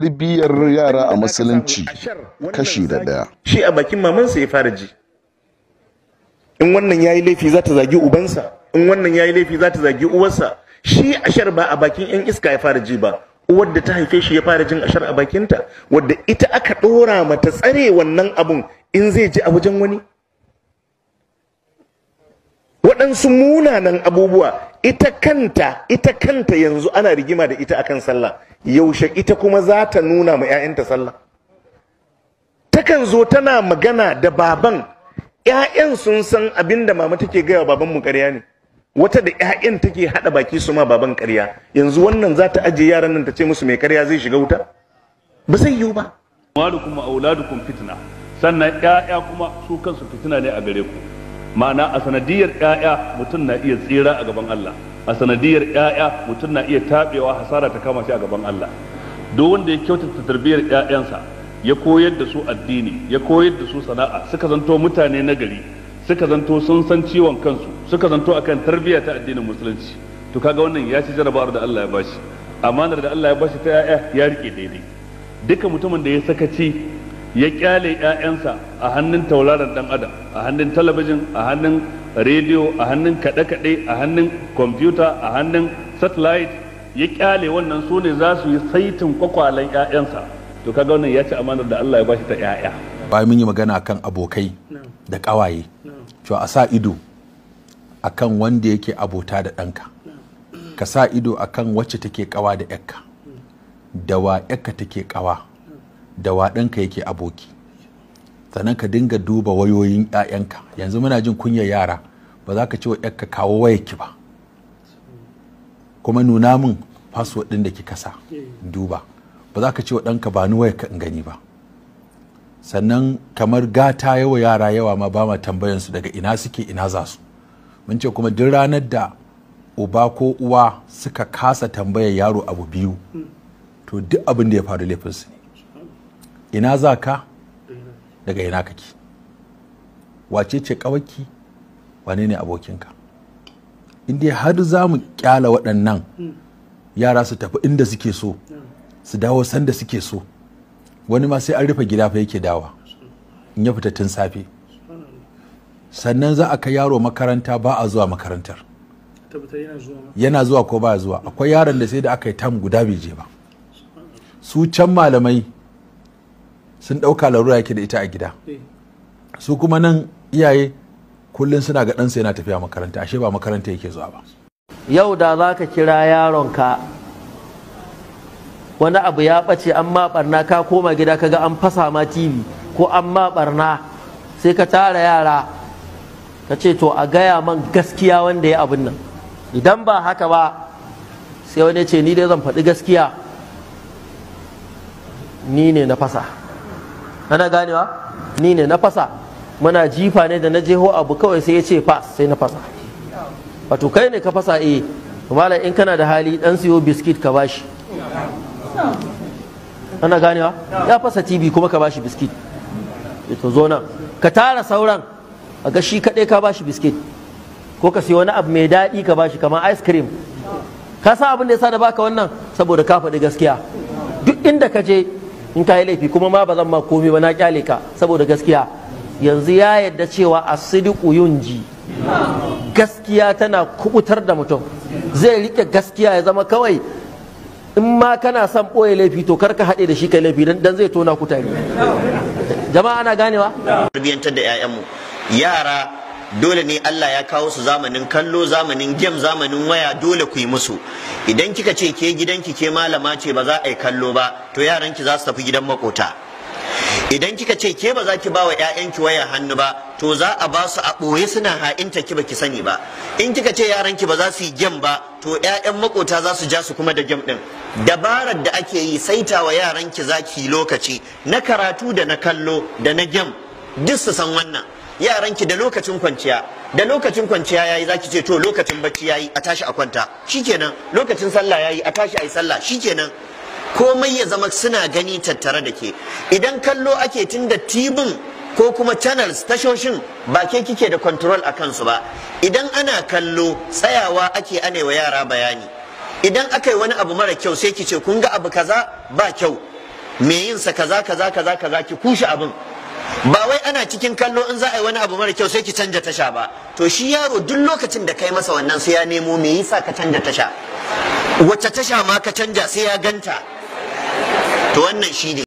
tarbiyyar yara a musulunci kashi da daya shi a bakin mamansa ya fara ji in wannan ya yi laifi za ta zagi ubansa in wannan ya yi laifi za ta zagi uwarsa shi ashar ba a bakin yan iska ya fara ji ba uwar da ta haife shi ya fara jin ashar a bakinta wadda ita aka dora mata tsare wannan abun in zai ji a wajen wani waɗansu munanan abubuwa ita kanta ita kanta yanzu ana rigima da ita akan sallah yaushe ita kuma za ta nuna ma 'ya'yanta sallah takan zo tana magana da baban 'ya'yan sun san abin da mama take gaya babanmu karya ne wata da 'ya'yan take haɗa baki su ma baban ƙarya yanzu wannan za ta ajiye yaran nan ta ce musu mai ƙarya zai shiga wuta ba zai yiwu ba. Malukum auladukum fitna sannan 'ya'ya kuma su kansu fitna ne a gare ku ma'ana a sanadiyar 'ya'ya mutum na iya tsira a gaban Allah a sanadiyar 'ya'ya mutum na iya taɓewa hasara ta kama shi a gaban Allah duk wanda ya kyautata tarbiyyar 'ya'yansa ya koyar da su addini ya koyar da su sana'a suka zanto mutane na gari suka zanto sun san ciwon kansu suka zanto akan tarbiyya ta addinin musulunci to kaga wannan ya ci jarabawar da Allah ya bashi amanar da Allah ya bashi ta 'ya'ya ya rike daidai duka mutumin da ya sakaci ya kyale ƴaƴansa a hannun tauraron ɗan adam a hannun talabijin a hannun rediyo a hannun kaɗe-kaɗe a hannun kwamfuta a hannun satellite ya kyale wannan su ne za su yi saitin kwakwalen ƴaƴansa to kaga wannan ya ci amanar da Allah ya bashi ta ƴaƴa bayan mun yi magana kan abokai da ƙawaye to a sa ido akan wanda yake abota da ɗanka ka sa ido akan wacce take kawa da ƴakka da wa yakka take kawa da waɗanka yake aboki sannan ka dinga duba wayoyin 'ya'yanka yanzu muna jin kunyar yara ba za ka ce wa ka kawo wayarki ba kuma nuna min password ɗin da kika sa duba ba za ka ce wa ɗanka ba ni wayarka in gani ba sannan kamar gata yawa yara yawa ma ba ma tambayansu daga ina suke ina za su mun ce kuma duk ranar da uba ko uwa suka kasa tambayar yaro abu biyu to duk abin da ya faru laifinsu ne ina za ka daga ina kake wace ce kawaki wane ne abokinka inda har za mu kyala waɗannan yara su tafi inda suke so su dawo sanda suke so wani ma sai an rufe gida fa yake dawa in ya fita tun safe sannan za a kai yaro makaranta ba a zuwa makarantar yana zuwa ko ba zuwa akwai yaron da sai da aka yi tam guda bai je ba su can malamai sun ɗauka larura yake da ita a gida eh. su kuma nan iyaye kullum suna ga ɗansa yana tafiya makaranta ashe ba makaranta yake zuwa ba yau da za ka kira yaronka wani abu ya ɓace an ma ɓarna ka koma gida ka ga an fasa ma tv ko an ma ɓarna sai ka tara yara ka ce to a gaya man gaskiya wanda ya abin nan idan ba haka ba sai wani ce ni dai zan faɗi gaskiya ni ne na fasa ana ganewa ni ne na fasa muna jifa ne da na jeho abu kawai sai ya ce fas sai na fasa wato kai ne ka fasa eh malam in kana da hali dan siyo biskit ka bashi ana ganewa ya fasa tv kuma ka bashi biskit eh, to zo nan ka tara sauran a ga shi kadai ka bashi biskit ko ka siyo wani abu mai daɗi ka bashi kamar ice cream ka sa abin da sa da baka wannan saboda ka faɗi gaskiya duk inda ka je in ka yi laifi kuma ma ba zan ma komai ba na kyale ka saboda gaskiya yanzu ya yadda cewa asidiku yunji gaskiya tana kubutar da mutum zai rike gaskiya ya zama kawai in ma kana son ɓoye laifi to karka haɗe da shi kai laifi dan zai tona kutare jama'a ana ganewa tarbiyyantar da 'ya'yanmu yara dole ne Allah ya kawo su zamanin kallo zamanin gem zamanin waya dole ku yi musu idan kika ce ke gidanki ke malama ce ba za a yi kallo ba to yaran ki za su tafi gidan makota idan kika ce ke ba za ki ba wa 'ya'yanki waya hannu ba to za a ba su a ɓoye suna ha'inta ki baki sani ba in kika ce yaranki ba za su yi gem ba to 'ya'yan makota za su ja su kuma da gem din. dabarar da ake yi saita wa yaranki za ki lokaci na karatu da na kallo da na gem duk su san wannan Yaran ki da lokacin kwanciya da lokacin kwanciya yayi zaki ce to lokacin bacci yayi a tashi a kwanta shikenan lokacin sallah yayi a tashi ayi sallah shikenan komai ya zama suna gani tattare da ke idan kallo ake tunda tibin ko kuma channels tashoshin ba ke kike da control a kansu ba idan ana kallo tsayawa ake wa yara bayani idan aka yi wani abu mara kyau sai ki ce kun ga abu kaza ba kyau me yin sa kaza kaza kaza kaza ki kushe abin ba wai ana cikin kallo in za a yi wani abu mara kyau sai ki canja tasha ba to shi yaro duk lokacin da kai masa wannan sai ya nemo me yasa ka canja tasha wacce tasha ma ka canja sai ya ganta to wannan shi ne